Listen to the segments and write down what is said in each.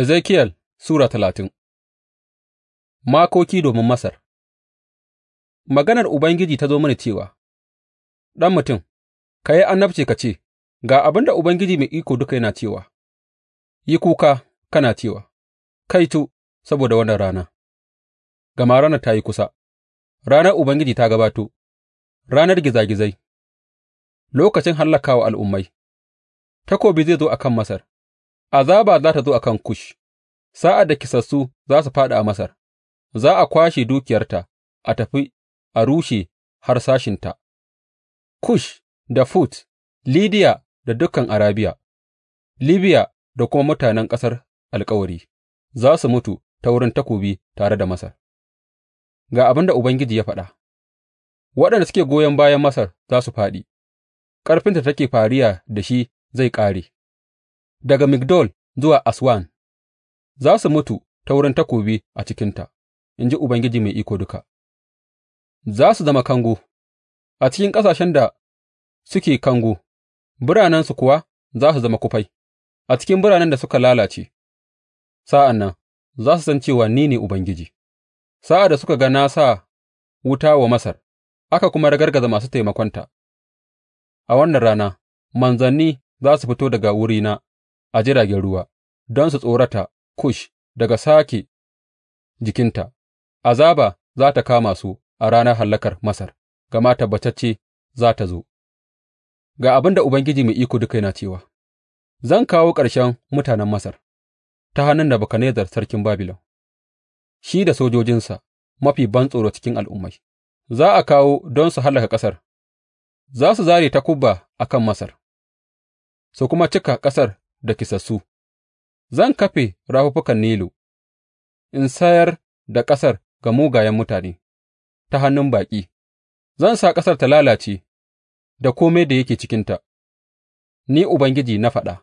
Ezekiyel Sura talatin Makoki domin Masar Maganar Ubangiji ta zo mini cewa, Ɗan mutum, ka yi annabci ka ce, Ga abin da Ubangiji mai iko duka yana cewa, yi kuka kana cewa, Kai Kaito saboda wannan rana, gama ranar ta yi kusa, ranar Ubangiji ta gabato, ranar gizagizai, lokacin wa al'ummai, takobi zai zo a kan Masar. Azaba za tă zo a kan Kush sa'ad da kisassu za su fāɗi a Masar; za a kwashe dukiyarta a tafi a rushe harsashinta, Kush da Fut, Lidiya da dukan Arabiya, Libiya da kuma mutanen ƙasar alkawari za su mutu ta wurin takobi tare da Masar, ga abin da Ubangiji ya faɗa, waɗanda suke goyon bayan Masar za su fāɗi, ƙarfinta take fariya da shi zai ƙare. daga Migdol zuwa Aswan, za su mutu ta wurin takobi a cikinta, in ji Ubangiji Mai Iko Duka; za su zama kango a cikin ƙasashen da suke kango, biranensu kuwa za su zama kufai a cikin biranen da suka lalace. Sa'an nan za su san cewa ni ne Ubangiji, sa'ad da suka ga na sa wuta wa Masar aka kuma ragargaza masu taimakonta, a wannan rana manzanni za su fito daga wurina. a jiragen ruwa don su tsorata Kush daga sake jikinta; azaba za ta kama su a ranar hallakar Masar, gama tabbatacce za tă zo, Ga abin da Ubangiji Mai Iko Duka yana cewa, Zan kawo ƙarshen mutanen Masar ta hannun Nebukadnezzar sarkin Babilon, shi da sojojinsa mafi ban tsoro cikin al'ummai, za a kawo don su hallaka ƙasar, za su zare takubba a kan Masar, su kuma cika ƙasar da kisassu, zan kafe rafuffukan Nilu in sayar da ƙasar ga mugayen mutane ta hannun baƙi, zan sa ƙasar ta lalace da kome da yake cikinta, ni Ubangiji na faɗa,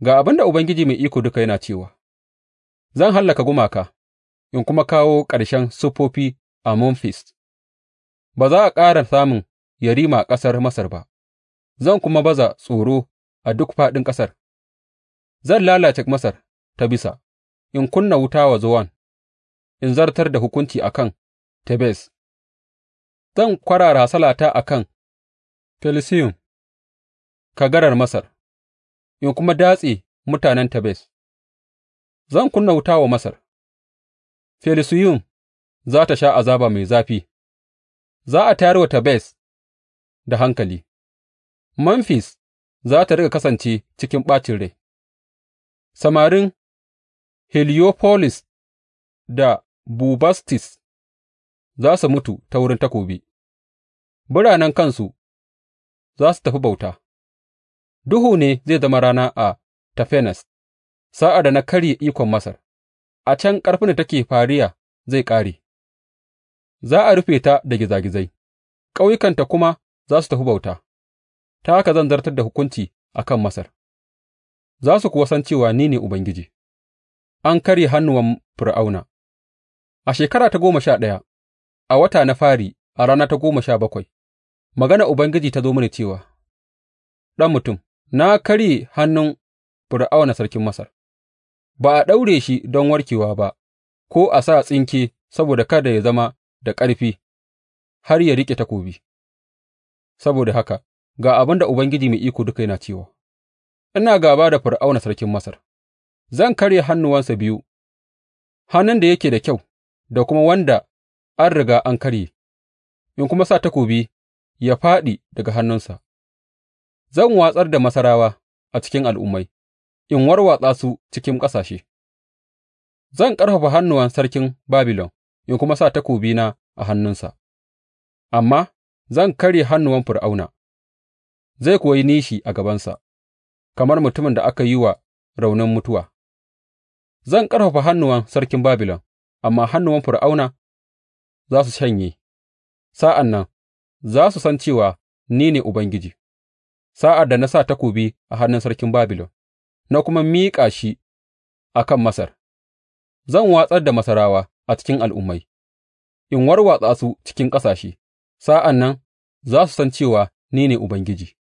ga abin da Ubangiji Mai Iko Duka yana cewa, zan hallaka gumaka in kuma kawo ƙarshen siffofi a Memphis, ba za a ƙara samun yarima a ƙasar Masar ba, zan kuma baza tsoro a duk faɗin ƙasar. Zan lalace Masar ta bisa in kunna wuta wa Zowan in zartar da hukunci a kan Tebes; zan kwarara salata a kan Felusiyum, kagarar Masar, in kuma datse mutanen Tebes; zan kunna wuta wa Masar, Felusiyum za ta sha azaba mai zafi; za a tayar wa Tebes da hankali, Memfis za ta riƙa kasance cikin ɓacin rai. Samarin Heliyofolis da Bubastis za su mutu ta wurin takobi, biranen kansu za su tafi bauta; duhu ne zai zama rana a Tafenes sa'ad da na karye ikon Masar, a can ƙarfin da take fariya zai ƙare, za a rufe ta da gizagizai ƙauyukanta kuma za su tafi bauta, ta haka zan zartar da hukunci a kan Masar. za su kuwa san cewa ni ne Ubangiji, an karye hannuwan Fir'auna A shekara ta goma sha ɗaya, a wata na fari a rana ta goma sha bakwai, Magana Ubangiji ta zo mini cewa, Ɗan mutum, na karye hannun Fir'auna sarkin Masar, ba a ɗaure shi don warkewa ba, ko a sa tsinke saboda kada ya zama da ƙarfi har ya riƙe takobi, saboda haka ga abin da Ubangiji Mai Iko Duka yana cewa. Ina gāba da Fir'auna sarkin Masar; zan karya hannuwansa biyu, hannun da yake da kyau da kuma wanda an riga an karye, in kuma sa takobi ya fāɗi daga hannunsa; zan watsar da Masarawa a cikin al'ummai in warwatsa su cikin ƙasashe; zan ƙarfafa hannuwan sarkin Babilon in kuma sa takobina a hannunsa, amma zan karya hannuwan Fir'auna, zai kuwa yi nishi a gabansa. kamar mutumin da aka yi wa raunin mutuwa, zan ƙarfafa hannuwan sarkin Babilon, amma hannuwan Fir'auna za su shanye, sa'an nan za su san cewa ni ne Ubangiji, sa'ad da na sa takobi a hannun sarkin Babilon, na kuma miƙa shi a kan Masar, zan watsar da Masarawa a cikin al'ummai, in warwatsa su cikin ƙasashe, sa'an nan za su san cewa ni ne Ubangiji.